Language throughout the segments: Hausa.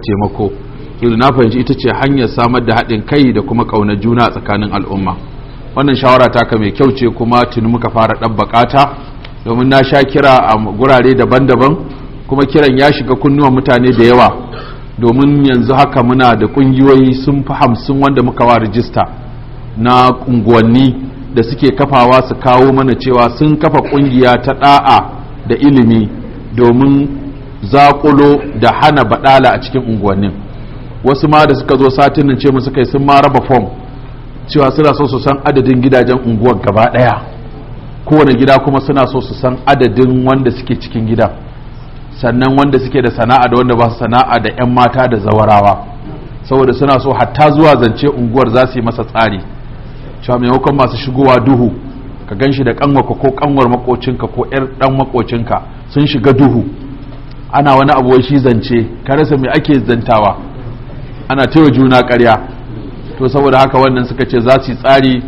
taimako yanzu na fahimci ita ce hanyar samar da haɗin kai da kuma ƙaunar juna a tsakanin al'umma wannan shawara taka mai kyau ce kuma tuni muka fara ɗan buƙata domin na sha kira a gurare daban-daban kuma kiran ya shiga kunnuwan mutane da yawa domin yanzu haka muna da ƙungiyoyi sun fi hamsin wanda muka wa rijista na unguwanni da suke kafawa su kawo mana cewa sun kafa ƙungiya ta ɗa'a da ilimi domin zakulo da hana baɗala a cikin unguwannin wasu ma da suka zo satin nan ce mu suka sun ma raba fom cewa suna so su san adadin gidajen unguwar gaba daya kowane gida kuma suna so su san adadin wanda suke cikin gida sannan wanda suke da sana'a da wanda ba su sana'a da 'yan mata da zawarawa saboda suna so hatta zuwa zance unguwar za su yi masa tsari cewa maimakon masu shigowa duhu ka gan shi da kanwarka ko kanwar makocinka ko 'yar dan makocinka sun shiga duhu ana wani abu shi zance ka rasa me ake zantawa ana taiwa juna karya to saboda haka wannan suka ce za su yi tsari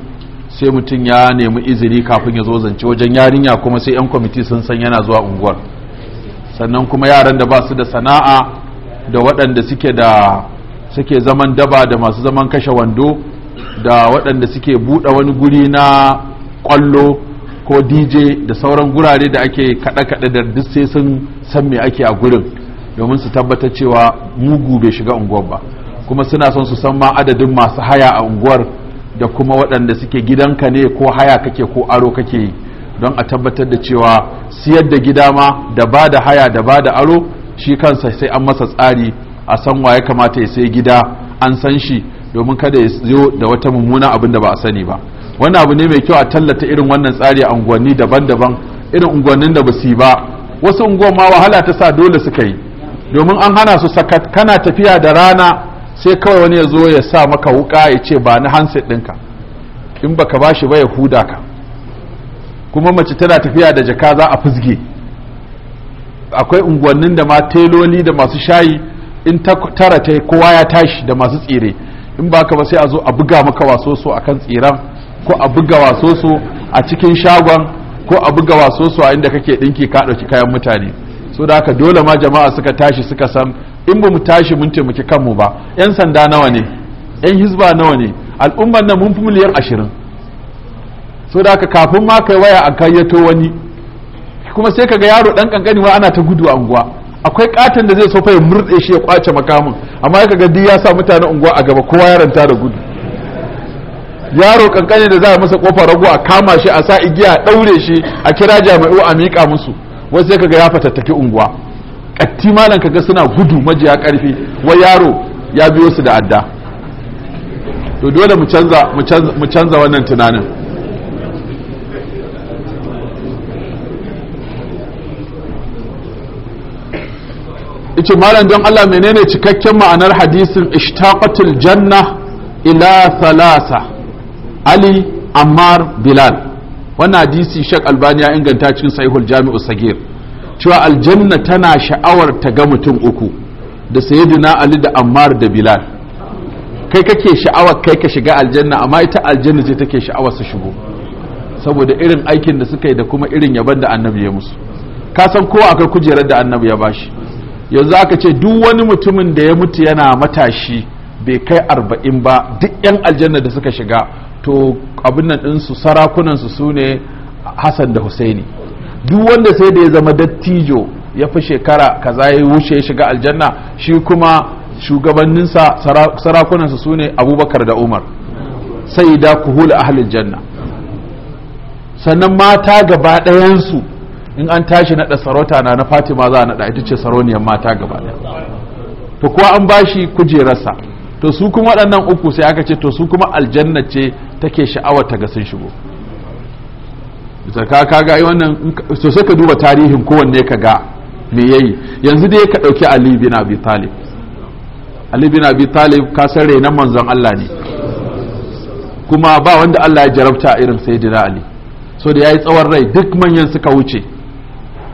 sai mutum ya nemi izini kafin ya zo zance wajen yarinya kuma sai 'yan kwamiti sun san yana zuwa unguwar sannan kuma yaran da ba su da sana'a da waɗanda suke da suke zaman daba da masu zaman kashe wando da waɗanda suke buɗe wani guri na ƙwallo ko dj da sauran gurare da ake kaɗe-kaɗe da duk sai sun san me ake a gurin domin su tabbatar cewa mugu bai shiga unguwar ba kuma suna son su san ma adadin masu haya a unguwar da kuma waɗanda suke gidanka ne ko haya kake ko aro kake yi don a tabbatar da cewa siyar da gida ma da ba da haya da ba da aro shi kansa sai an masa tsari a san wa ya kamata ya sai gida an san shi domin kada ya zo da wata mummuna abin da ba a sani ba wani abu ne mai kyau a tallata irin wannan tsari a unguwanni daban-daban irin unguwannin da ba su yi ba wasu unguwan ma wahala ta sa dole suka yi domin an hana su sakat kana tafiya da rana sai kawai wani ya zo ya sa maka wuka ya ce ba ni handset ɗinka in baka ba shi ba ya huda ka kuma mace tana tafiya da jaka za a fizge akwai unguwannin da ma teloli da masu shayi in ta tara ta kowa ya tashi da masu tsire in baka ba sai a zo a buga maka waso so akan tsiran ko a buga waso su a cikin shagon ko a buga waso su a inda kake dinki ka ɗauki kayan mutane so da haka dole ma jama'a suka tashi suka san in ba mu tashi mun taimaki kanmu ba yan sanda nawa ne yan hizba nawa ne al'ummar nan mun fi miliyan ashirin so da haka kafin ma kai waya an kayyato wani kuma sai kaga yaro dan kankani wa ana ta gudu a unguwa akwai katon da zai so fa ya murde shi ya kwace makamin amma ga duk ya sa mutanen unguwa a gaba kowa ya ranta da gudu yaro kankane da za a masa kofar rago a kama shi a sa igiya a daure shi a kira jami'u a miƙa musu wasu sai kaga ya fatattaki unguwa katti malan kaga suna gudu majiya karfi wa yaro ya biyo su da adda to dole mu canza mu canza wannan tunanin ice malam don Allah menene cikakken ma'anar hadisin ishtaqatul janna ila thalatha ali ammar bilal wannan hadisi shek albani ya inganta cikin sahihul jami'u sagir cewa aljanna tana sha'awar ta ga mutum uku da sayyidina ali da ammar da bilal kai kake sha'awar kai ka shiga aljanna amma ita aljanna ce take sha'awar su shigo saboda irin aikin da suka yi da kuma irin yaban da annabi ya musu ka san kowa akai kujerar da annabi ya bashi yanzu aka ce duk wani mutumin da ya mutu yana matashi bai kai arba'in ba duk yan aljanna da suka shiga to abin nan ɗinsu sarakunansu su ne hassan da husaini duk wanda sai da ya zama dattijo ya fi shekara kaza ya wuce ya shiga aljanna shi kuma shugabanninsa sarakunansu su ne abubakar da umar sai da kuhul ahalin janna sannan mata gaba ɗayansu in an tashi naɗa sarauta na na fatima za a naɗa ita ce sarauniyar mata gaba ɗaya to kuwa an bashi kujerarsa to su kuma waɗannan uku sai aka ce to su kuma aljanna ce take sha'awar ta ga sun shigo ka ga yi wannan so ka duba tarihin kowanne ka ga me yayi yanzu dai ka ɗauki Ali bin Abi Talib Ali bin Abi Talib ka san manzon Allah ne kuma ba wanda Allah ya jarabta irin sayyidina Ali so da yayi tsawon rai duk manyan suka wuce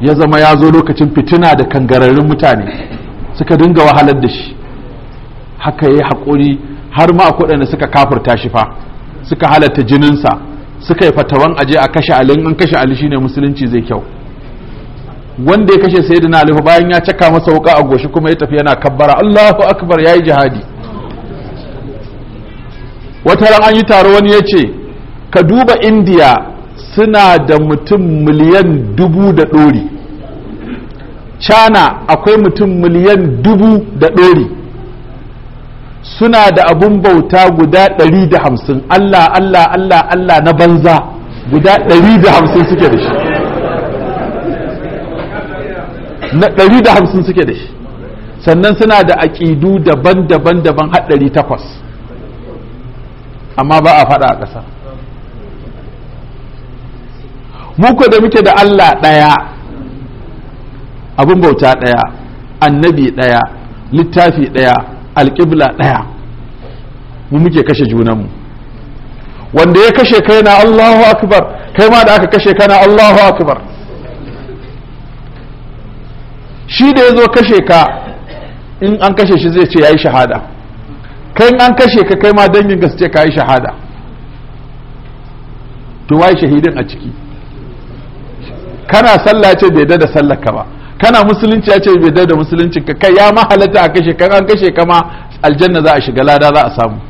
ya zama ya zo lokacin fitina da kangararrun mutane suka dinga wahalar da shi haka yayi hakuri har ma akwai da suka kafirta shi fa suka halatta jininsa suka yi fatawan aje a kashe alin an kashe ali shine musulunci zai kyau wanda ya kashe sayyidina ali bayan ya caka masa wuka a goshi kuma ya tafi yana kabbara Allahu akbar yayi jihadi wata ran an yi taro wani ya ce ka duba indiya suna da mutum miliyan dubu da ɗori china akwai mutum miliyan dubu da ɗori suna da abun bauta guda ɗari da hamsin Allah Allah Allah Allah na banza guda ɗari da hamsin suke da shi na ɗari da hamsin suke da shi sannan suna da aƙidu daban-daban daban haɗari takwas amma ba a faɗa a ƙasa muku da muke da Allah ɗaya abin bauta ɗaya annabi ɗaya littafi ɗaya alƙibla ɗaya mu muke kashe junanmu wanda ya kashe kai na Allahu akbar kai ma da aka kashe kana Allahu akbar shi da ya zo kashe ka in an kashe shi zai ce ya yi shahada kai an kashe ka kai ma dangin ka su ce ka yi shahada to wai shahidin a ciki kana sallah ce bai da sallar ka ba kana musulunci ya ce bai da musulunci ka kai ya mahalata a kashe kan an kashe kama aljanna za a shiga lada za a samu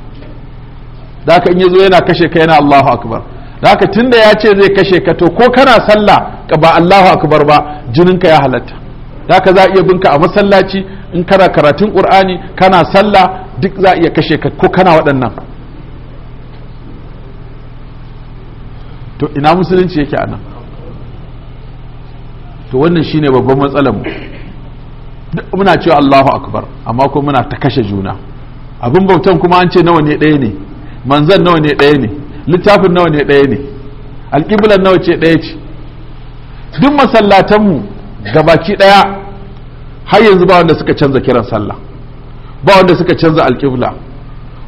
da haka in yazo yana kashe ka yana Allahu akbar da haka tunda ya ce zai kashe ka to ko kana sallah ka ba Allahu akbar ba jinin ka ya halatta da haka za a iya binka a masallaci in kana karatun qur'ani kana sallah duk za a iya kashe ka ko kana waɗannan to ina musulunci yake anan to wannan shine babban matsalar mu muna cewa Allahu akbar amma kuma muna ta kashe juna abin bautan kuma an ce nawa ne ɗaya ne manzan nawa ne ɗaya ne littafin nawa ne ɗaya ne alƙiblan nawa ce ɗaya ce duk masallatanmu gabaki ɗaya har yanzu ba wanda suka canza kiran sallah ba wanda suka canza alƙibla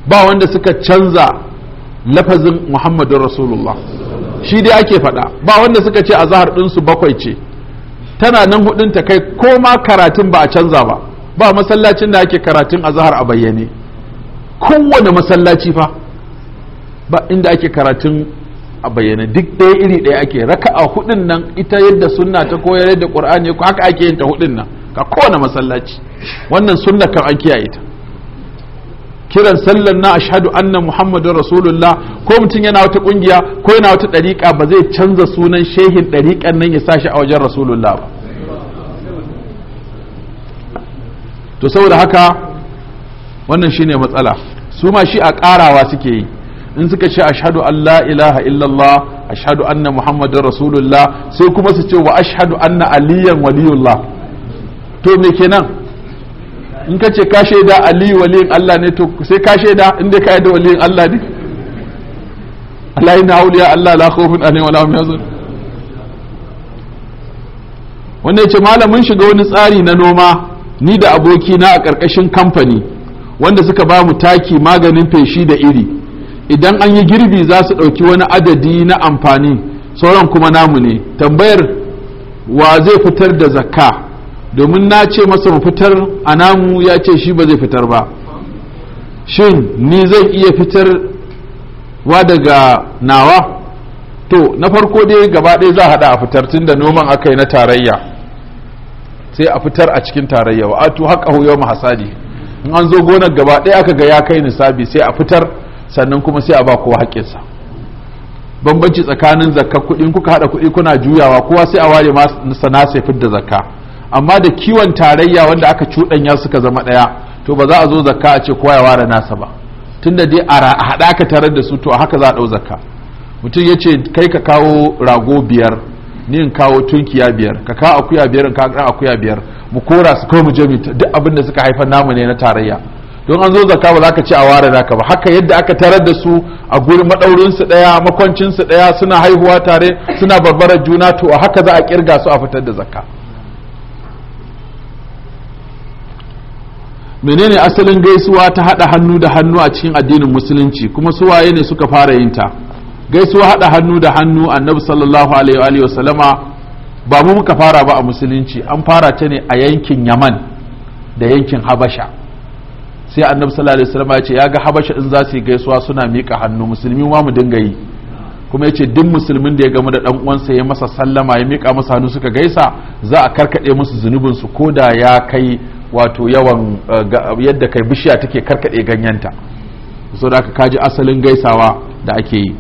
ba wanda suka canza lafazin muhammadin rasulullah shi dai ake faɗa ba wanda suka ce a zahar ɗinsu bakwai ce tana nan hudun ta kai ko ma karatun ba a canza ba ba masallacin da ake karatun azhar a bayyane kowane masallaci fa ba inda ake karatun a bayyane duk ɗaya iri ɗaya ake raka a hudun nan ita yadda sunna ta koyar da qur'ani ko haka ake yin ta hudun nan ka kowane masallaci wannan sunna kan an kiyaye ta kiran sallar na ashadu anna muhammadun rasulullah ko mutum yana wata kungiya ko yana wata dariƙa ba zai canza sunan shehin dariƙan nan ya sa shi a wajen rasulullah ba to saboda haka wannan shine matsala su ma shi a ƙarawa suke yi in suka ce ashadu an la ilaha illallah ashadu anna muhammadun rasulullah sai kuma su ce wa ashadu anna aliyan waliyullah to me kenan in ka ce ka shaida ali waliyin Allah ne to sai ka shaida in dai ka yadda waliyin Allah ne Allah yana ya Allah la khawfun alaihim wa lahum yahzanun wanda yace malamin shiga wani tsari na noma ni da aboki na a karkashin kamfani wanda suka ba mu taki maganin feshi da iri idan an yi girbi za su ɗauki wani adadi na amfani sauran kuma namu ne tambayar wa zai fitar da zakka domin na ce masa mafitar fitar a namu ya ce shi ba zai fitar ba shin ni zai iya fitar wa daga nawa to na farko dai gaba ɗaya za a haɗa a fitar tun da noman aka yi na tarayya sai a fitar a cikin tarayya wa atu haƙahu yau mahasadi in an zo gonar gaba ɗaya aka ga ya kai nisabi sai a fitar sannan kuma sai a ba kowa haƙƙinsa bambanci tsakanin zakka kuɗi kuka haɗa kuɗi kuna juyawa kowa sai a ware masa na sai fidda zakka amma da kiwon tarayya wanda aka cuɗanya suka zama ɗaya to ba za a zo zakka a ce kowa ya ware nasa ba tunda dai a haɗa ka tarar da su to a haka za a ɗau zakka mutum ya ce kai ka kawo rago biyar ni in kawo tunkiya biyar ka kawo akuya biyar in kawo akuya biyar mu kora su kawai mu je duk abin da suka haifar namu ne na tarayya don an zo zakka ba za ka ce a ware naka ba haka yadda aka tarar da su a gurin madaurinsu ɗaya makwancinsu ɗaya suna haihuwa tare suna barbarar juna to a haka za a kirga su a fitar da zakka menene asalin gaisuwa ta haɗa hannu da hannu a cikin addinin musulunci kuma su waye ne suka fara yin ta gaisuwa haɗa hannu da hannu annabi sallallahu alaihi wa sallama ba mu muka fara ba a musulunci an fara ta ne a yankin yaman da yankin habasha sai annabi sallallahu alaihi wasallama ya ce ya ga habasha in za su yi gaisuwa suna miƙa hannu musulmi ma mu dinga yi kuma ya ce duk musulmin da ya gamu da dan uwansa ya masa sallama ya mika masa hannu suka gaisa za a karkaɗe musu zunubin su ko da ya kai wato yawan eh, yadda kai bishiya take karkade ganyenta so da aka kaji asalin gaisawa da ake yi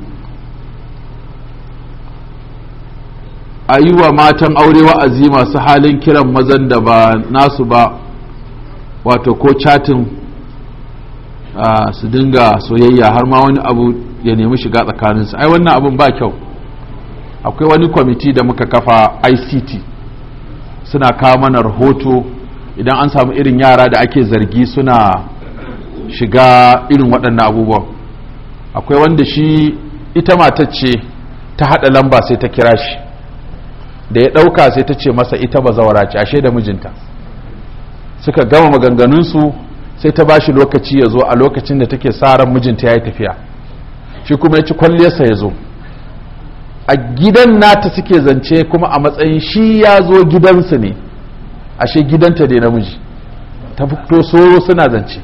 a yi wa matan aure wa'azi masu halin kiran mazan da ba nasu ba wato ko chatin su dinga soyayya har ma wani abu ya nemi shiga tsakaninsu ai wannan abun ba kyau akwai wani kwamiti da muka kafa ict suna kawo mana rahoto idan an samu irin yara da ake zargi suna shiga irin waɗannan abubuwan akwai wanda shi ita matacce ta haɗa lamba sai ta kira shi da ya ɗauka sai ta ce masa ita ba zawara ce ashe da mijinta suka gama maganganunsu sai ta bashi lokaci ya zo a lokacin da take sa ran mijinta ya yi tafiya shi kuma ya ci kwalliyarsa ya zo a gidan nata suke zance kuma a matsayin shi ya zo gidansu ne ashe gidanta dai namiji ta fito soro suna zance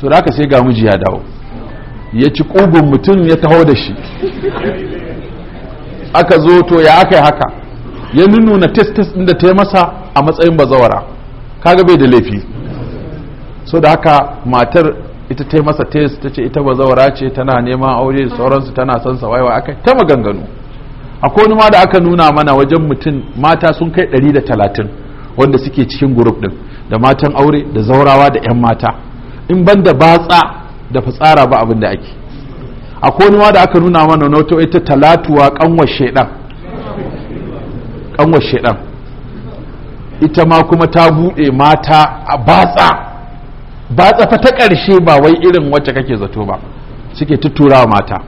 so da aka sai ga miji ya dawo ya ci kugun mutum ya taho da shi aka zo to ya aka yi haka ya nuna test-test da ta yi masa a matsayin bazawara kaga bai da laifi so da haka matar ita ta yi masa test ta ce ita bazawara ce tana neman aure da sauransu tana son sa waiwa aka ta maganganu akwai wani ma da aka nuna mana wajen mutum mata sun kai 130 wanda suke cikin group din da matan aure da zaurawa da 'yan mata in ban da batsa da fitsara ba abin da ake a konuwa da aka nuna mana wato ita talatuwa kanwar shaidan kanwar shaidan ita ma kuma ta buɗe mata a batsa batsa fa ta ƙarshe ba wai irin wacce kake zato ba suke tuttura mata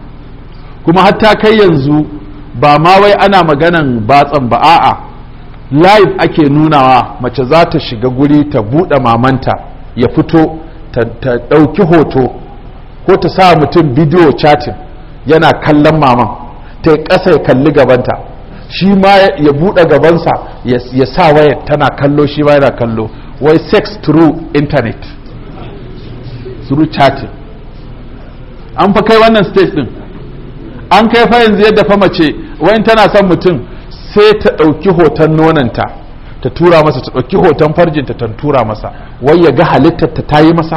kuma hatta kai yanzu ba ma wai ana maganan batsan ba a'a live ake nunawa mace za ta shiga guri ta buɗe mamanta ya fito ta ɗauki hoto ko ta sa mutum bidiyo chatting yana kallon maman ta yi ƙasa ya kalli gabanta shi ma ya buɗe gabansa ya sa wayar tana kallo shi ma yana kallo wai sex through internet through chatting an fa kai wannan stage din an kai fa yanzu yadda fa mace wayan tana son mutum sai ta ɗauki hoton nonanta ta tura masa ta ɗauki hoton farjinta ta tura masa wai ya ga halittar ta yi masa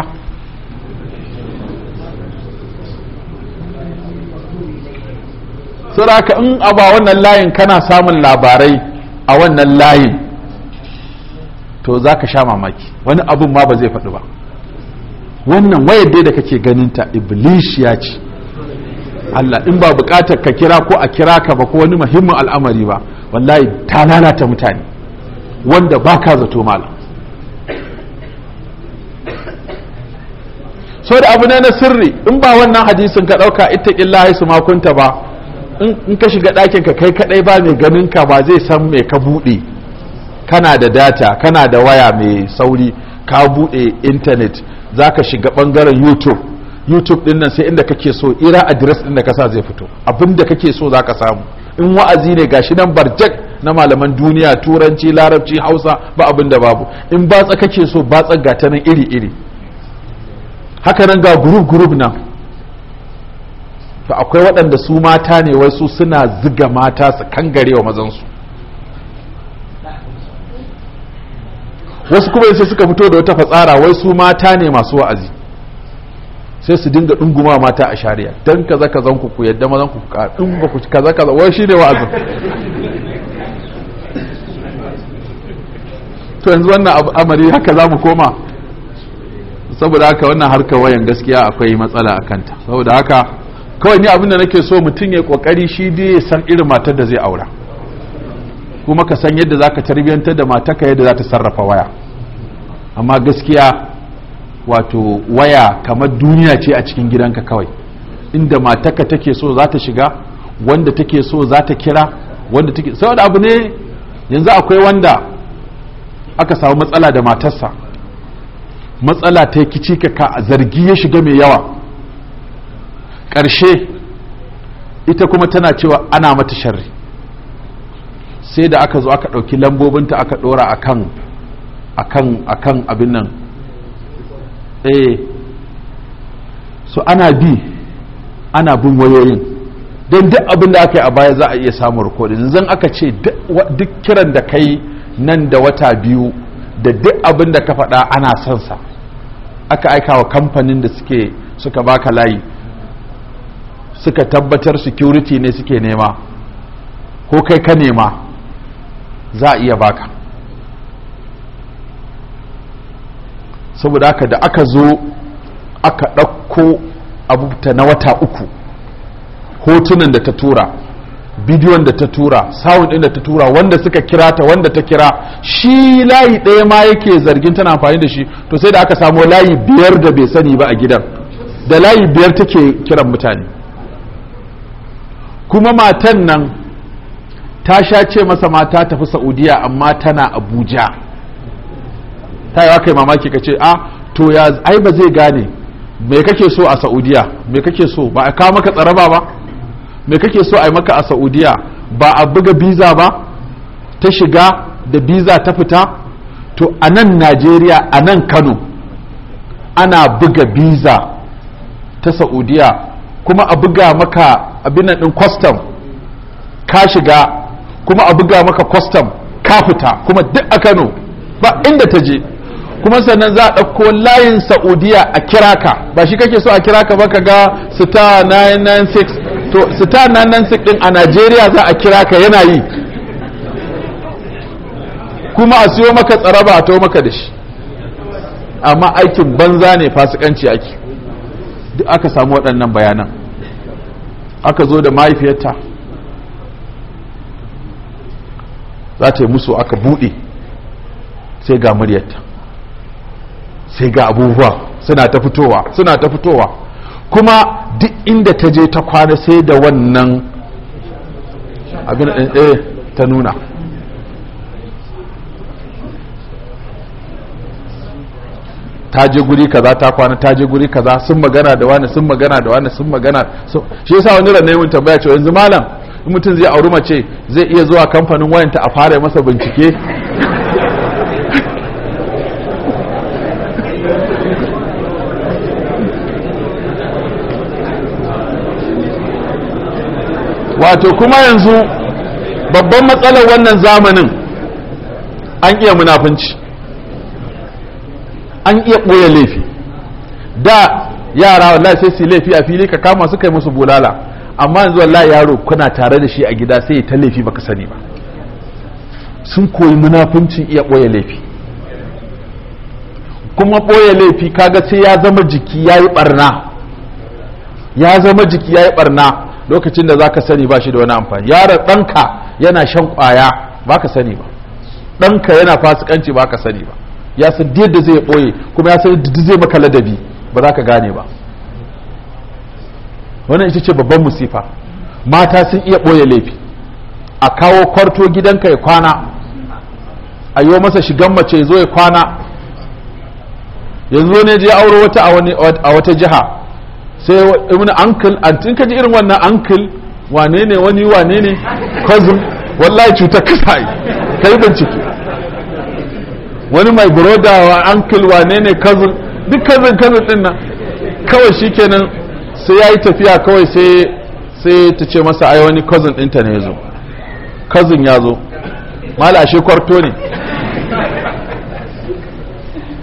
saraka in a ba wannan layin kana samun labarai a wannan layin to za ka sha mamaki wani abun ma ba zai faɗi ba wannan wayar dai da kake ganinta ya ce Allah in ba bukatar ka kira ko a kira ka ba ko wani muhimmin al'amari ba wallahi ta lalata mutane wanda ba ka zato malam so da abu ne na sirri in ba wannan hadisin ka ɗauka ita ya su makunta ba in ka shiga ɗakin ka kai kaɗai ba mai ganin ka ba zai san mai ka buɗe kana da data kana da waya mai sauri ka buɗe intanet za ka shiga ɓangaren youtube youtube ɗin nan sai inda kake so ira adires ɗin da ka sa zai fito abinda da kake so za ka samu in wa'azi ne gashi nan barjak na malaman duniya turanci larabci hausa ba abin da babu in batsa kake so batsa ga ta nan iri-iri haka nan ga gurub-gurub nan to akwai waɗanda su mata ne wai su suna ziga mata su kangare wa mazansu wasu kuma sai suka fito da wata fatsara wai su mata ne masu wa'azi sai su dinga dunguma mata a shari'a dan kaza kazan ku ku yadda mazan ku ka dunga ku kaza kaza wai shine wa'azin to yanzu wannan amari haka za mu koma saboda haka wannan harkar wayan gaskiya akwai matsala a kanta saboda haka kawai ni abin da nake so mutum ya kokari shi dai ya san irin matar da zai aura kuma ka san yadda zaka tarbiyyantar da matarka yadda za ta sarrafa waya amma gaskiya wato waya kamar duniya ce a cikin gidanka kawai inda matarka take so za ta shiga wanda take so za ta kira wanda take saboda abu ne yanzu akwai wanda aka samu matsala da matarsa matsala ta yi kici ka zargi ya shiga mai yawa ƙarshe ita kuma tana cewa ana mata sharri sai da aka zo aka ɗauki lambobinta aka ɗora a kan abin nan eh so ana bi ana bin wayoyin don duk abin da aka yi a baya za a iya samun rikodin zan aka ce duk kiran da kai nan da wata biyu da duk abin da ka faɗa ana son sa aka aika wa kamfanin da suke suka baka layi suka tabbatar security ne suke nema ko kai ka nema za a iya baka saboda haka da aka zo aka ɗauko abubuta na wata uku hotunan da ta tura bidiyon da ta tura sawun ɗin da ta tura wanda suka kira ta wanda ta kira shi layi ɗaya ma yake zargin tana amfani da shi to sai da aka samo layi biyar da bai sani ba a gidan da layi biyar take kiran mutane kuma matan nan ta sha ce masa mata tafi saudiya amma tana abuja ta yawa kai mamaki ka ce a to ya ai ba zai gane me kake so a saudiya me kake so ba a kawo maka tsaraba ba me kake so a yi maka a saudiya ba a buga biza ba ta shiga da biza ta fita to a nan najeriya a nan kano ana buga biza ta saudiya kuma a buga maka abin din kwastam ka shiga kuma a buga maka kwastam ka fita kuma duk a kano ba inda ta je kuma sannan za a ɗauko layin saudiya a kira ka ba shi kake so a kira ka ba ka ga star 996 to star 996 din a najeriya za a kira ka yana yi kuma a siyo maka tsaraba a to maka da shi amma aikin banza ne fasikanci ake duk aka samu waɗannan bayanan aka zo da mahaifiyarta za ta yi musu aka buɗe sai ga muryarta sai ga abubuwa suna ta fitowa suna ta fitowa kuma duk inda ta je ta kwana sai da wannan abin da eh, ɗaya ta nuna ta je guri kaza ta kwana ta je guri kaza sun magana da wani sun magana da wani sun magana shi yasa wani ranar yawon tambaya ce yanzu malam in mutum zai auri mace zai iya zuwa kamfanin wayanta a fara masa bincike wato kuma yanzu babban matsalar wannan zamanin an iya munafunci an iya ɓoye laifi da yara wallahi sai su laifi a fili ka kama su kai musu bulala amma yanzu wallahi yaro kuna tare da shi a gida sai ta laifi baka sani ba sun koyi munafuncin iya ɓoye laifi kuma ɓoye laifi kaga sai ya zama jiki ya yi ɓarna ya zama jiki ya yi ɓarna lokacin da zaka sani ba shi da wani amfani yaron ɗanka yana shan ƙwaya ba ka sani ba ɗanka yana fasikanci ba ka sani ba ya san yadda zai ɓoye kuma ya san da zai maka ladabi ba za ka gane ba wannan ita ce babban musifa mata sun iya ɓoye laifi a kawo kwarto gidanka ya kwana a yi masa shigan mace zo ya kwana yanzu ne je auro wata a wata jiha sai wani uncle antin ka ji irin wannan uncle wane ne wani wane ne cousin wallahi cuta kasa yi kai bincike wani mai broda wa uncle wane ne cousin duk cousin cousin din nan kawai shikenan sai yayi tafiya kawai sai sai ta ce masa ai wani cousin ɗinta ne ya zo cousin ya zo mala ashe kwarto ne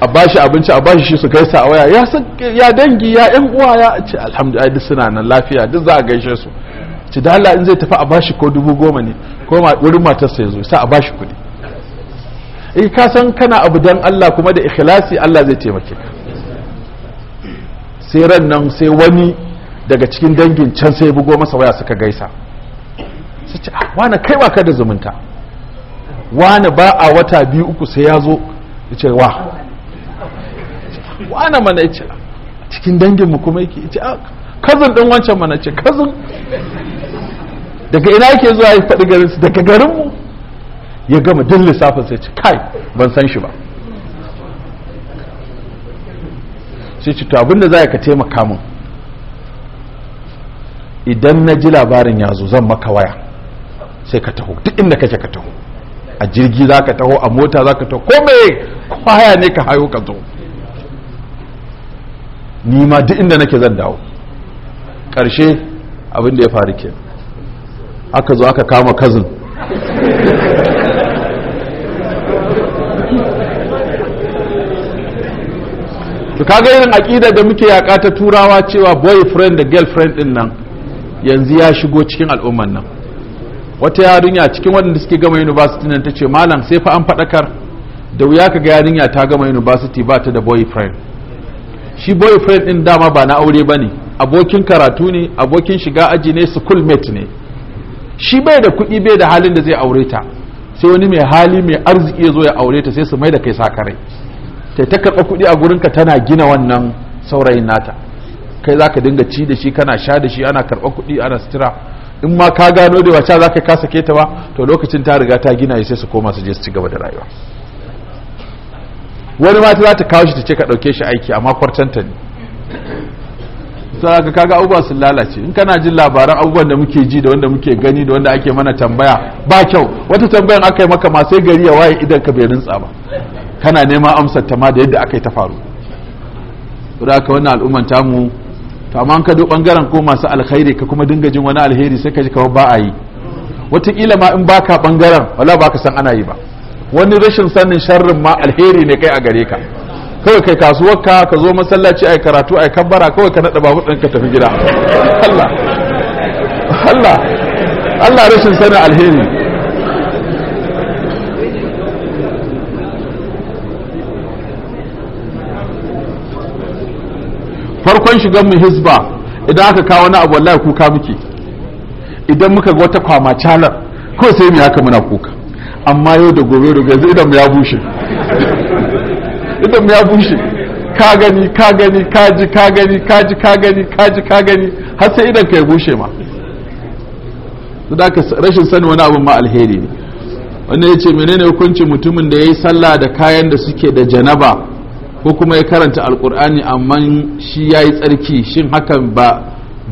a bashi abinci a bashi shi su gaisa a waya ya ya dangi ya yan uwa ya ce alhamdulillah duk suna nan lafiya duk za a gaishe su ci da in zai tafi a bashi ko dubu goma ne ko wurin matarsa ya zo sa a bashi kuɗi in eh, ka san kana abu dan Allah kuma da ikhlasi Allah zai taimake ka sai ran nan sai wani daga cikin dangin can sai bugo masa waya suka gaisa su ce ah, wane kai ba ka da zumunta wane ba a wata biyu uku sai ya zo ya ce wa wana mana ce cikin danginmu kuma yake ce a ah, kazin ɗin wancan mana ce kazin daga ina yake zuwa ya faɗi su daga garinmu ya gama duk lissafin sai ce kai ban san shi ba sai ce to abinda za ka taimaka min idan na ji labarin ya zo zan maka waya sai ka taho duk inda kake ka taho a jirgi za ka taho a mota za ka taho ko mai kwaya ne ka hayo ka zo ni ma duk inda nake zan dawo ƙarshe abin da ya faru ke aka zo aka kama kazin to kaga irin aƙida da muke yaƙa ta turawa cewa boyfriend da girlfriend din nan yanzu ya shigo cikin al'umman nan wata yarinya cikin waɗanda suke gama university nan ta ce malam sai fa an faɗakar da wuya ka ga yarinya ta gama university ba ta da boyfriend shi boyfriend din dama ba na aure ba ne. abokin karatu ne abokin shiga aji ne schoolmate ne shi bai da kuɗi bai da halin da zai aure ta sai wani mai hali mai arziki ya zo ya aure ta sai su mai da kai sakarai ta ta karɓa kuɗi a gurin ka tana gina wannan saurayin nata kai za ka dinga ci da shi kana sha da shi ana karɓa kuɗi ana sutura in ma ka gano da wacce za ka kasa keta ba to lokacin ta riga ta gina sai su koma su je su ci gaba da rayuwa wani mata ta za ta kawo shi ta ce ka ɗauke shi aiki amma kwartanta ne su ka kaga abubuwa sun lalace in kana jin labaran abubuwan da muke ji da wanda muke gani da wanda ake mana tambaya ba kyau wata tambayan aka yi maka ma sai gari ya waye idan ka bai rintsa ba kana nema amsar ta ma da yadda aka yi ta faru saboda haka wannan al'umman tamu to amma ka duk bangaren ko masu alkhairi ka kuma dinga jin wani alheri sai ka ji kamar ba a yi wataƙila ma in baka bangaren wala ba ka san ana yi ba wani rashin sanin sharrin ma alheri ne kai a gare ka kawai kai kasuwar ka ka zo masallaci ai karatu ai kabbara kawai ka nada babu ɗan ka tafi gida Allah Allah Allah rashin sanin alheri farkon shigan mu hisba idan aka kawo wani abu wallahi kuka muke idan muka ga wata kwama calar kawai sai mu haka muna kuka amma yau da gobe da yanzu idan ya bushe idan ya bushe ka gani ka gani ka ji ka gani ka ji ka gani ka ji ka gani har sai idan ka ya bushe ma su da rashin sani wani abin ma alheri ne wannan ya ce menene hukuncin mutumin da ya yi sallah da kayan da suke da janaba ko kuma ya karanta alkur'ani amma shi ya yi tsarki shin hakan ba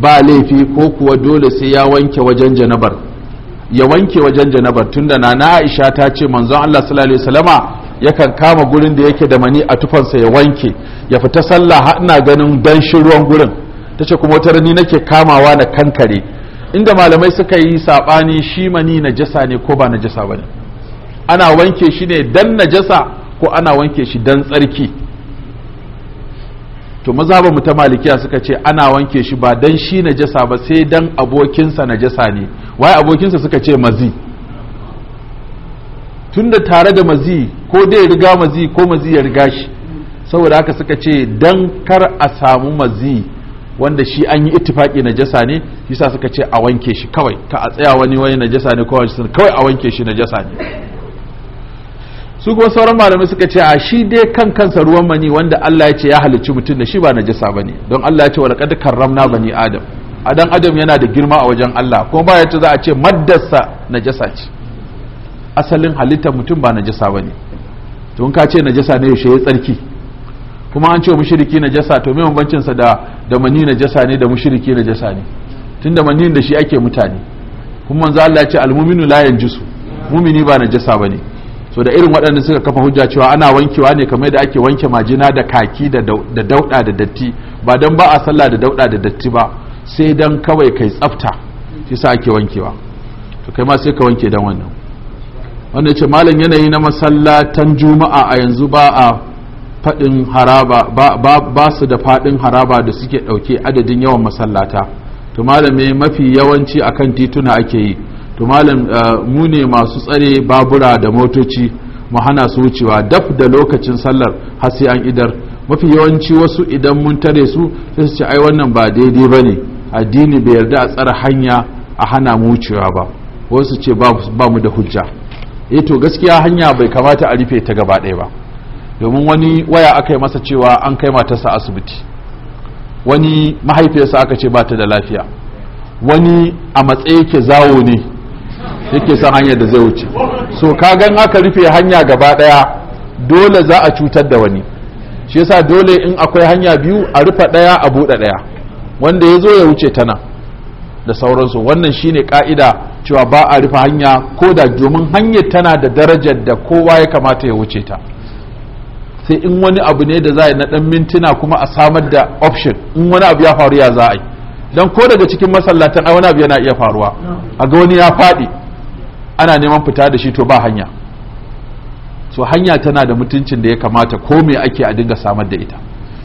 ba laifi ko kuwa dole sai ya wanke wajen janabar ya wanke wajen janabar tunda na Aisha ta ce manzon Allah sallallahu alaihi wasallama yakan kama gurin da yake da mani a tufansa ya wanke ya fita sallah har ina ganin dan ruwan gurin tace kuma wata rani nake kamawa na kankare inda malamai suka yi sabani shi mani najasa ne ko ba najasa bane ana wanke shi ne dan najasa ko ana wanke shi dan tsarki to mazhabar mu ta malikiya suka ce ana wanke shi ba dan shi najasa ba sai dan abokinsa najasa ne waye abokinsa suka ce mazi tunda tare da mazi ko dai riga mazi ko mazi ya riga shi saboda haka suka ce dan kar a samu mazi wanda shi an yi ittifaki najasa ne yasa suka ce a wanke shi kawai ka a tsaya wani wani najasa ne kawai a wanke shi najasa ne su kuma sauran malamai suka ce a shi dai kan kansa ruwan mani wanda Allah ya ce ya halicci mutum da shi ba najasa bane don Allah ya ce walaqad karramna bani adam adan adam yana da girma a wajen Allah kuma ba ya ce za a ce maddarsa najasa ce asalin halittar mutum ba najasa bane to in ka ce najasa ne yaushe ya tsarki kuma an ce mushriki najasa to me bambancin sa da da mani najasa ne da mushriki najasa ne tunda mani da shi ake mutane kuma manzo Allah ya ce almuminu la yanjisu mumini ba najasa bane so da irin waɗanda suka kafa hujja cewa ana wankewa ne kamar da ake wanke majina da kaki da dauɗa da datti ba don ba a sallah da dauɗa da datti ba sai don kawai kai tsafta shi sa ake wankewa to kai ma sai ka wanke don wannan wannan ce malam yanayi na masallatan juma'a a yanzu ba a faɗin haraba ba su da faɗin haraba da suke ɗauke adadin yawan masallata to malame mafi yawanci akan tituna ake yi to malam uh, mu ne masu tsare babura da motoci mu hana su wucewa daf da lokacin sallar har sai an idar mafi yawanci wasu idan mun tare su sai su ce ai wannan ba daidai ba ne addini bai yarda a tsara hanya a hana mu wucewa ba wasu ce ba mu da hujja eh to gaskiya hanya bai kamata a rufe ta gaba ɗaya ba domin wani waya aka yi masa cewa an kai matarsa asibiti wani mahaifiyarsa aka ce ba ta da lafiya wani a matsayi ke zawo ne yake son hanyar da zai wuce so ka gan aka rufe hanya gaba daya dole za a cutar da wani shi yasa dole in akwai hanya biyu a rufe daya a buɗe daya wanda ya zo ya wuce ta nan da sauransu wannan shine ka'ida cewa ba a rufe hanya ko da domin hanyar tana da darajar da kowa ya kamata ya wuce ta sai in wani abu ne da za a na ɗan mintuna kuma a samar da option in wani abu ya faru ya za a yi don ko daga cikin masallatan ai wani abu yana iya faruwa a ga wani ya faɗi ana neman fita da shi to ba hanya so hanya tana da mutuncin da ya kamata ko me ake a dinga samar da ita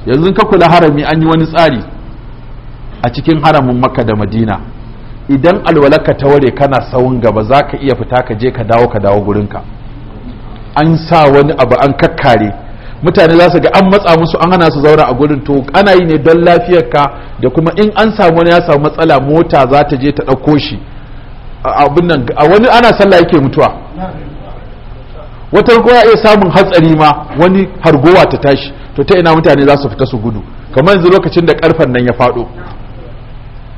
yanzu ka kula harami an yi wani tsari a cikin haramin makka da madina idan alwalaka ta ware kana sawun gaba za ka iya fita ka je ka dawo ka dawo gurinka an sa wani abu an kakkare mutane za su ga an matsa musu an hana su zaura a gurin to ana yi ne don lafiyar ka da kuma in an samu wani ya samu matsala mota za ta je ta ɗauko shi abin nan a wani ana sallah yake mutuwa wata kuma iya samun hatsari ma wani hargowa ta tashi to ta ina mutane za su fita su gudu kamar yanzu lokacin da karfen nan ya faɗo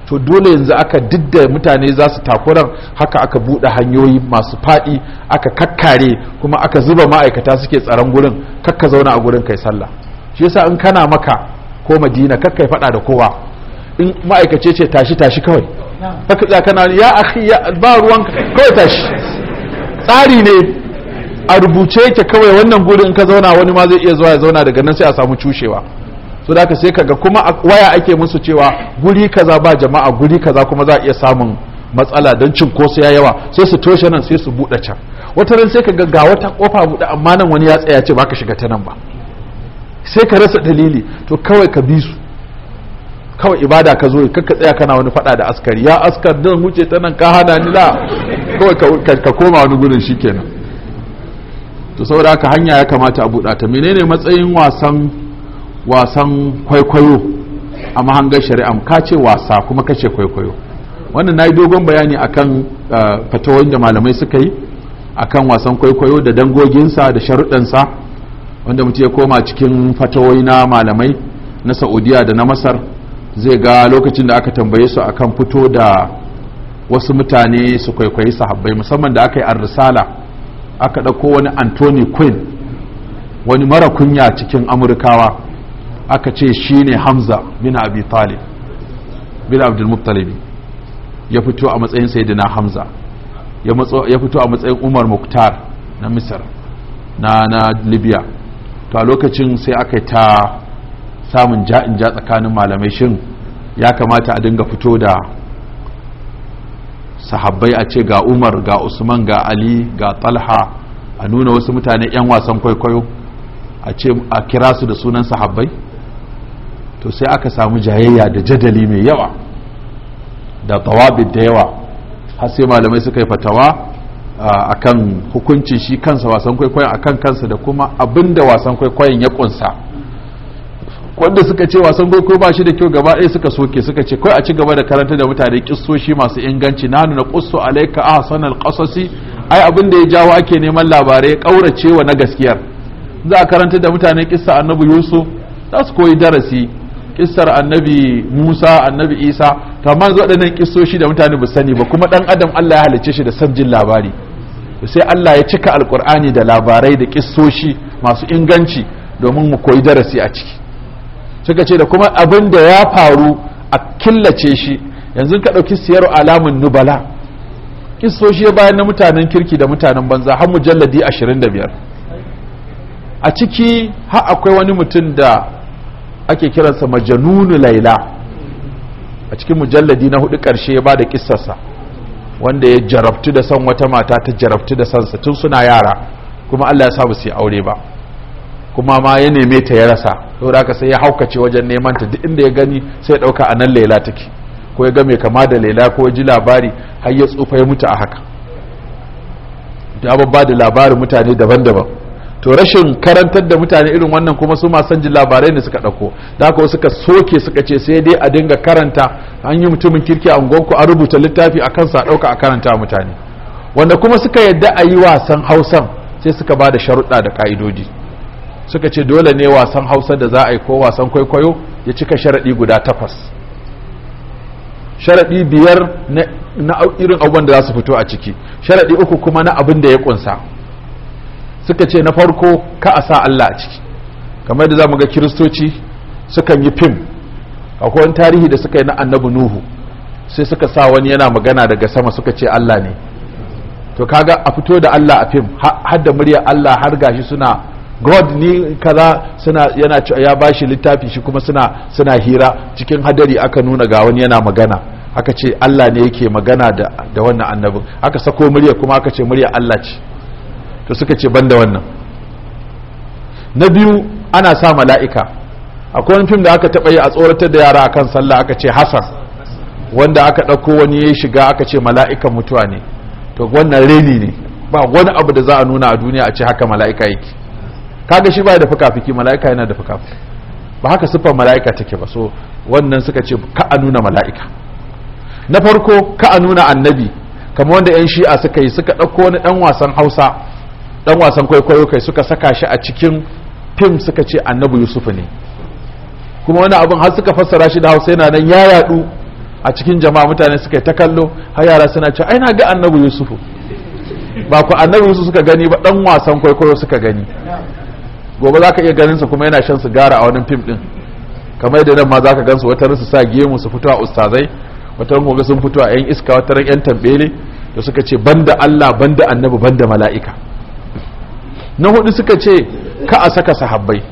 to dole yanzu aka didda mutane za su takuran haka aka buɗe hanyoyi masu faɗi aka kakkare kuma aka zuba ma'aikata suke tsaron gurin kakka zauna a gurin kai sallah shi yasa in kana maka ko madina kakka faɗa da kowa in ma'aikace ce tashi tashi kawai haka kana ya akhi ya ba ruwanka kawai tashi tsari ne a rubuce yake kawai wannan gurin in ka zauna wani ma zai iya zuwa ya zauna daga nan sai a samu cushewa so da sai kaga kuma waya ake musu cewa guri kaza ba jama'a guri kaza kuma za a iya samun matsala don cinkoso ya yawa sai su toshe nan sai su buɗe can wata ran sai kaga ga wata kofa buɗe amma nan wani ya tsaya ce baka ka shiga ta nan ba sai ka rasa dalili to kawai ka bi su kawai ibada ka zo kakka tsaya kana wani fada da askari ya askar don wuce ta nan ka hana ni la kawai ka koma wani gurin kenan. to saboda haka hanya ya kamata a buɗa ta menene matsayin wasan wasan kwaikwayo a mahangar shari'a ka ce wasa kuma ka ce kwaikwayo wannan na yi dogon bayani akan uh, fatawar da malamai suka yi akan wasan kwaikwayo da dangoginsa da sharuɗansa wanda mutum ya koma cikin fatawoyi na malamai na saudiya da na masar zai ga lokacin da aka tambaye su akan fito da wasu mutane su kwaikwayi sahabbai musamman da aka yi risala aka ɗauko wani anthony quinn wani mara kunya cikin amurkawa aka ce shi ne hamza bin abi talib bin abdulmuttalibi ya fito a matsayin sayidina hamza ya fito a matsayin umar muktar na misar na na libya to a lokacin sai aka yi ta samun ja'in ja tsakanin malamai shin ya kamata a dinga fito da sahabbai a ce ga umar ga usman ga ali ga talha a nuna wasu mutane 'yan wasan kwaikwayo a ce a kira su da sunan sahabbai to sai aka samu jayayya da jadali mai yawa da tawabit da yawa har sai malamai suka yi fatawa a kan hukuncin shi kansa wasan kwaikwayon a kan kansa da kuma abinda wasan kwaikwayon ya kunsa wanda suka ce wasan boko ba shi da kyau gaba ɗaya suka soke suka ce kai a ci gaba da karanta da mutane kissoshi masu inganci nanu na qussu alayka ahsanal qasasi ai abin da ya jawo ake neman labarai kaurace na gaskiyar za a karanta da mutane kissa annabi yusuf za su koyi darasi kissar annabi musa annabi isa to amma zo waɗannan kissoshi da mutane ba sani ba kuma dan adam Allah ya halicce shi da sabjin labari sai Allah ya cika alkur'ani da labarai da kissoshi masu inganci domin mu koyi darasi a ciki suka ce da kuma abin da ya faru a killace shi yanzu ka ɗauki siyar alamun nubala ya bayan na mutanen kirki da mutanen banza har mujalladi 25 a ciki har akwai wani mutum da ake kiransa majanunu laila a cikin mujalladi na hudu karshe ya bada kissarsa wanda ya jarabtu da san wata mata ta jarabtu da sansa tun suna yara kuma Allah ya sa ba su yi aure ba kuma ma ya neme ta ya rasa saboda haka sai ya haukace wajen neman ta duk inda ya gani sai ya dauka a nan laila take ko ya ga mai kama da laila ko ya ji labari har ya tsufa ya mutu a haka da ba da labarin mutane daban-daban to rashin karantar da mutane irin wannan kuma su san ji labarai ne suka ɗauko da haka suka soke suka ce sai dai a dinga karanta an yi mutumin kirki a unguwanku a rubuta littafi a kansa a ɗauka a karanta mutane wanda kuma suka yadda a yi wasan hausan sai suka ba da sharuɗa da ka'idodi. suka ce dole ne wasan hausa da za a yi ko wasan kwaikwayo ya cika sharaɗi guda takwas sharaɗi biyar na irin abubuwan da za su fito a ciki sharaɗi uku kuma na abin da ya ƙunsa suka ce na farko ka a sa Allah a ciki kamar da za mu ga kiristoci sukan yi fim akwai wani tarihi da suka yi na annabi nuhu sai suka sa wani yana magana daga sama suka ce Allah ne to kaga a fito da Allah a fim har da muryar Allah har gashi suna god ni kaza suna yana ya bashi littafi shi kuma suna suna hira cikin hadari aka nuna ga wani yana magana aka ce Allah ne yake magana da da wannan annabin aka sako murya kuma aka ce murya Allah ce to suka ce banda wannan na biyu ana sa mala'ika akwai wani fim da aka taba yi a tsoratar da yara akan sallah aka ce Hassan wanda aka ɗauko wani ya shiga aka ce mala'ikan mutuwa ne to wannan reni ne ba wani abu da za a nuna a duniya a ce haka mala'ika yake kaga shi ba da fuka-fuki mala'ika yana da fuka ba haka siffar mala'ika take ba so wannan suka ce ka a nuna mala'ika na farko ka a nuna annabi kamar wanda 'yan shi'a suka yi suka ɗauko wani ɗan wasan hausa ɗan wasan kwaikwayo kai suka saka shi a cikin fim suka ce annabi yusuf ne kuma wani abin har suka fassara shi da hausa yana nan ya yaɗu a cikin jama'a mutane suka yi ta kallo har yara suna cewa ai na ga annabi yusufu ba ku annabi yusuf suka gani ba ɗan wasan kwaikwayo suka gani gobe za ka iya ganin su kuma yana shan sigara a wani fim ɗin kamar yadda nan ma za ka gan su, wata su sa gemu su fito a ustazai wata gobe sun fito a 'yan iska wata ran 'yan tambele da suka ce banda Allah banda annabi banda mala'ika na hudu suka ce ka a saka sahabbai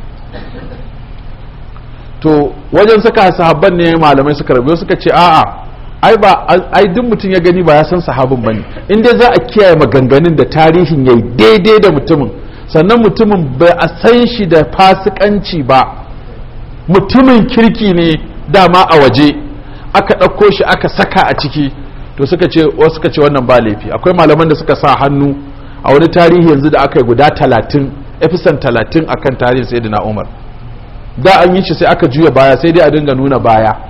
to wajen saka sahabban ne malamai suka rabu suka ce a'a ai ba ai duk mutum ya gani ba ya san sahabin bane in dai za a kiyaye maganganun da tarihin yayi daidai da mutumin sannan mutumin bai a san shi da fasikanci ba mutumin kirki ne dama a waje aka ɗauko shi aka saka a ciki to suka ce wasu ce wannan ba laifi akwai malaman da suka sa hannu a wani tarihi yanzu da aka yi guda talatin efisan talatin akan tarihin sai da umar da an yi shi sai aka juya baya sai dai a dinga nuna baya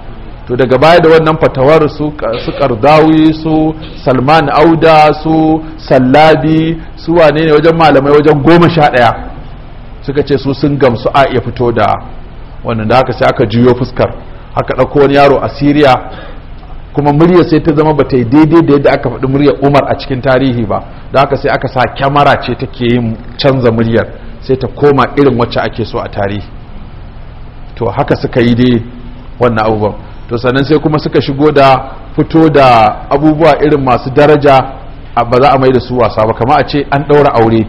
to daga baya da wannan fatawar su su kardawi su salman auda su sallabi su wane ne wajen malamai wajen goma sha ɗaya suka ce su sun gamsu a iya fito da wannan da haka sai aka juyo fuskar haka ɗauko wani yaro a siriya kuma murya sai ta zama bata yi daidai da yadda aka faɗi murya umar a cikin tarihi ba da haka sai aka sa kyamara ce take yin canza muryar sai ta koma irin wacce ake so a tarihi to haka suka yi dai wannan abubuwan to sannan sai kuma suka shigo da fito da abubuwa irin masu daraja ba za a mai da su wasa ba kama a ce an ɗaura aure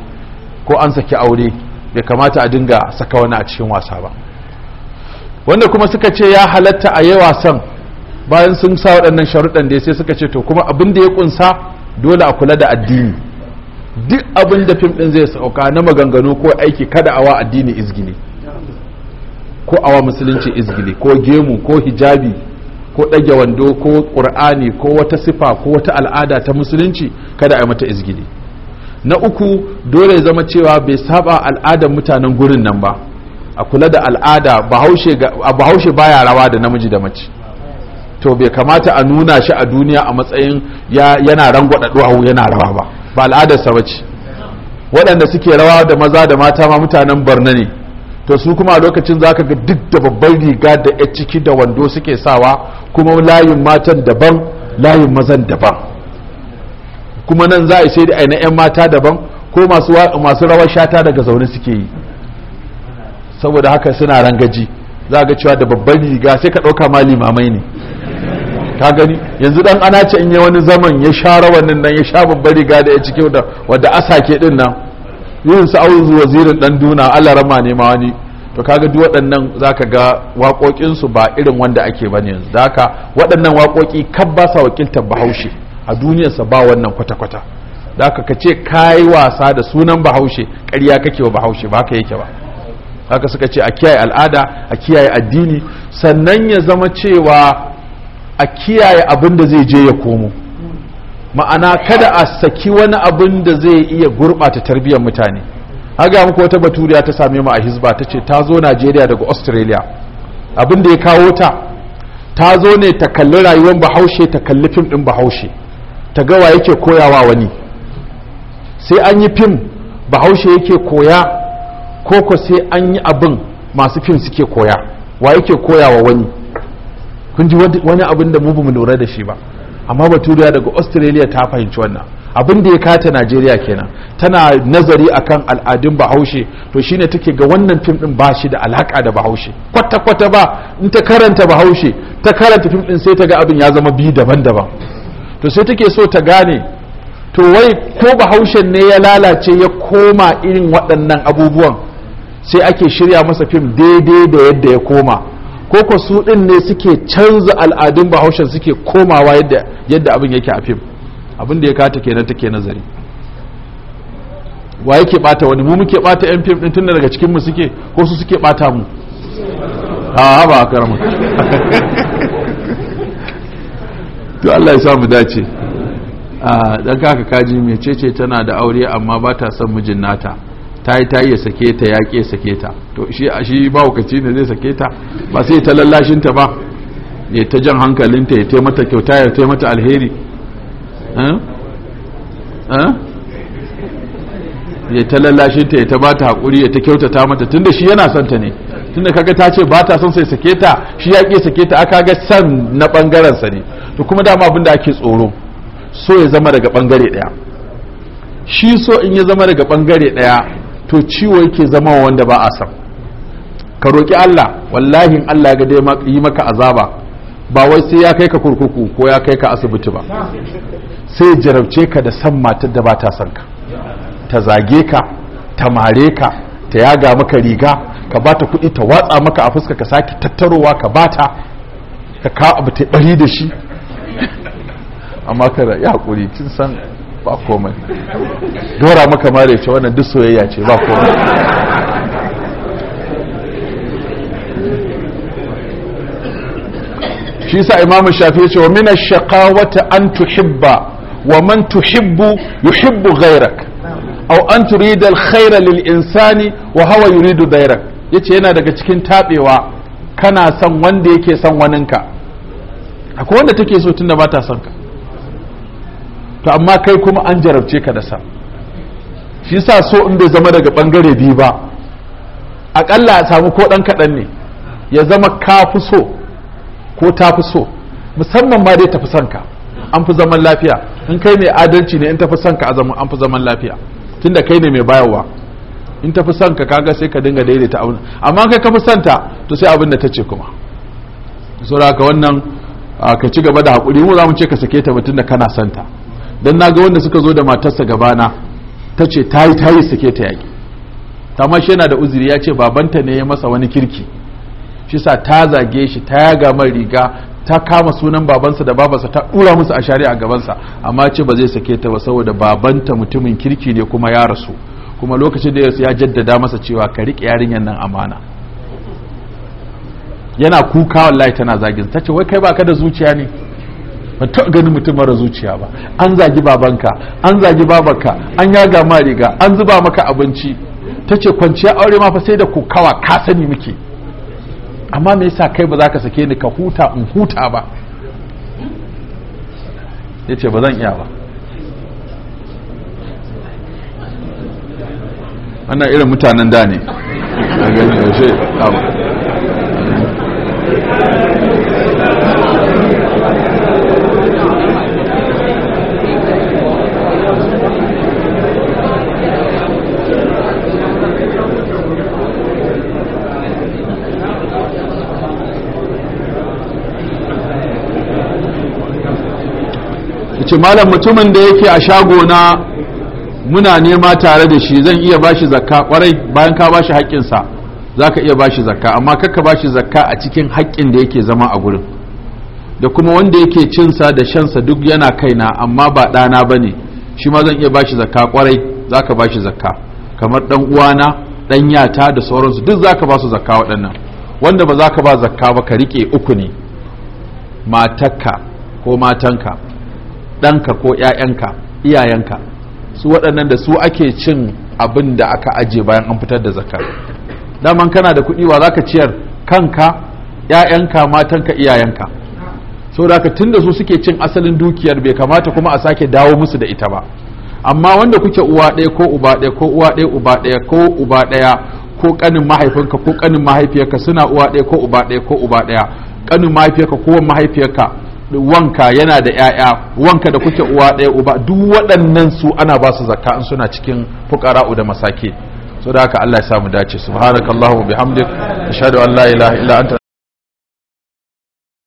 ko an saki aure bai kamata a dinga saka wani a cikin wasa ba wanda kuma suka ce ya halatta a yi wasan bayan sun sa waɗannan sharuɗan da sai suka ce to kuma abin da ya kunsa dole a kula da addini duk abin da fim ɗin zai sauka na maganganu ko aiki kada wa addini izgini ko awa musulunci izgili ko gemu ko hijabi ko ɗage wando ko ƙur'ani ko wata sifa ko wata al'ada ta musulunci kada a yi mata izgili na uku dole ya zama cewa bai saba al'adar mutanen gurin nan ba a kula da al'ada bahaushe baya rawa da namiji da mace to bai kamata a nuna shi a duniya a matsayin yana rangwada duwawu yana rawa ba ba al'adarsa ba ce waɗanda suke rawa da maza da mata ma mutanen barna ne to su kuma a lokacin za ka ga duk da babban riga da ya ciki da wando suke sawa kuma layin matan daban layin mazan daban kuma nan za a da aina 'yan mata daban ko masu rawar shata daga zaune suke yi saboda haka suna rangaji za ga cewa da babban riga sai ka ɗauka ma limamai ne ka gani yanzu dan ana ce in yi wani zaman ya sha rawar nan ya sha babban riga da ya cike da wadda asake din nan Yin su wazirin dan duna Allah rama ne ma wani to kaga duk waɗannan zaka ga waƙoƙin su ba irin wanda ake bane yanzu da haka waɗannan waƙoƙi kab ba sa wakiltar Bahaushe a duniyar sa ba wannan kwata-kwata da haka ka ce kai wasa da sunan Bahaushe ƙarya kake wa Bahaushe ba ka yake ba haka suka ce a kiyaye al'ada a kiyaye addini sannan ya zama cewa a kiyaye abin da zai je ya komo ma'ana kada a saki wani abin da zai iya gurɓata tarbiyyar mutane haga muku wata baturiya ta same mu a hizba ta ce ta zo najeriya daga australia abin da ya kawo ta ta zo ne ta kalli rayuwar bahaushe ta kalli fim ɗin bahaushe ta gawa yake koyawa wani sai an yi fim bahaushe yake koya koko sai an yi abin masu fim suke koya wa yake koyawa wani kun ji wani abin da mu bamu lura da shi ba amma baturiya daga australia ta fahimci wannan abin da ya kata najeriya kenan tana nazari akan al'adun bahaushe to shine take ga wannan fim din ba shi da alaka da bahaushe kwata kwata ba in ta karanta bahaushe ta karanta fim din sai ta ga abin ya zama biyu daban-daban to sai take so ta gane to wai ko bahaushen ne ya lalace ya koma irin waɗannan abubuwan sai ake shirya masa fim daidai da yadda ya koma ko ko su din ne suke canza al'adun bahaushen suke komawa yadda yadda abin yake a fim abin da ya kata kenan take nazari wa yake bata wani mu muke bata yan fim din tunda daga cikin mu suke ko su suke bata mu a ba karama to Allah ya sa mu dace a dan kaka kaji mecece tana da aure amma ba ta son mijin nata ta yi ta iya sake ta ya ke sake ta to shi a shi mahaukaci ne zai sake ta ba sai ta lallashin ta ba ne ta jan hankalinta ya taimata kyauta ya taimata alheri eh? Eh? ya ta lallashin ta ya ta ba ta haƙuri ya ta kyauta ta mata tunda shi yana son ta ne tunda kaga ta ce ba ta son sai sake ta shi ya ke sake ta aka ga son na ɓangarensa ne to kuma dama abin da ake tsoro so ya zama daga ɓangare ɗaya shi so in ya zama daga ɓangare ɗaya to ciwo yake zama wanda ba a san ka roƙi Allah wallahi Allah ga ga yi maka azaba ba wai sai ya kai ka kurkuku ko ya kai ka asibiti ba sai jarabce ka da san matar da ba ta san ka ta zage ka ta mare ka ta yaga maka riga ka bata kuɗi ta watsa maka a fuska ka sake tattarowa ka bata ka ka abu ta bari da shi amma kada ya hakuri kin san ba komai dora maka mare ce wannan duk soyayya ce ba komai shi sa imamu shafi ya ce wa mina wata an tuhibba wa man tuhibbu yuhibbu ghairak aw an turida alkhaira lil insani wa hawa yuridu Ya yace yana daga cikin tabewa kana son wanda yake son waninka akwai wanda take so tunda ba ta son ka to amma kai kuma an jarabce ka da sa shi sa so in bai zama daga bangare biyu ba akalla a samu ko dan kaɗan ne ya zama ka fi so ko ta fi so musamman ma dai tafi son ka an fi zaman lafiya in kai ne adalci ne in tafi son ka an fi zaman lafiya tunda kai ne mai bayarwa in tafi son ka kaga sai ka dinga daidaita abin amma kai ka fi son ta to sai abin da ta ce kuma saboda haka wannan ka ci gaba da haƙuri mu za mu ce ka sake ta mutum da kana son ta dan ga wanda suka zo da matarsa gabana ta ce ta yi ta sake ta yaƙi ta shi yana da uzuri ya ce babanta ne ya masa wani kirki shi sa ta zage shi ta yaga mai riga ta kama sunan babansa da babansa ta ɗura musu a shari'a gabansa amma ce ba zai sake ta ba saboda babanta mutumin kirki ne kuma ya rasu kuma lokacin da ya ya jaddada masa cewa ka riƙe yarinyar nan amana yana kuka wallahi tana zagin ta ce wai kai baka da zuciya ne ba taɓa ganin mutum mara zuciya ba an zagi babanka an zagi babanka an yaga ma riga an zuba maka abinci ta ce kwanciya aure ma fa sai da kokawa ka sani muke amma me yasa kai ba za ka sake ni ka huta in huta ba ya ce ba zan iya ba ana irin mutanen da ne a ganin yaushe ce malam mutumin da yake a shago na muna nema tare da shi zan iya bashi zakka kwarai bayan ka bashi haƙƙinsa za ka iya bashi zakka amma kakka bashi zakka a cikin haƙƙin da yake zama a gurin da kuma wanda yake cinsa da shansa duk yana kaina amma ba ɗana ba ne shi ma zan iya bashi zakka kwarai za ka bashi zakka kamar ɗan uwana ɗan yata da sauransu duk za ka ba su zakka waɗannan wanda ba za ka ba zakka ba ka riƙe uku ne matakka ko matanka ɗanka ko ‘ya'yanka iyayenka su waɗannan da su ake cin abin da aka aje bayan an fitar da zakka daman kana da kuɗi wa ka ciyar kanka ‘ya'yanka matanka iyayenka so da tun da su suke cin asalin dukiyar bai kamata kuma a sake dawo musu da ita ba amma wanda kuke uwa ɗaya ko uba ɗaya ko uwa ɗaya uba ɗaya ko uba ɗaya ko ƙanin mahaifinka ko ƙanin mahaifiyarka suna uwa ɗaya ko uba ɗaya ko uba ɗaya ƙanin mahaifiyarka ko mahaifiyarka wanka yana da 'ya'ya wanka da kuke uwa ɗaya uba duk waɗannan su ana ba su zakka in suna cikin fukara'u da masake so da haka Allah ya samu dace subhanakallahu bihamdik ashhadu an la ilaha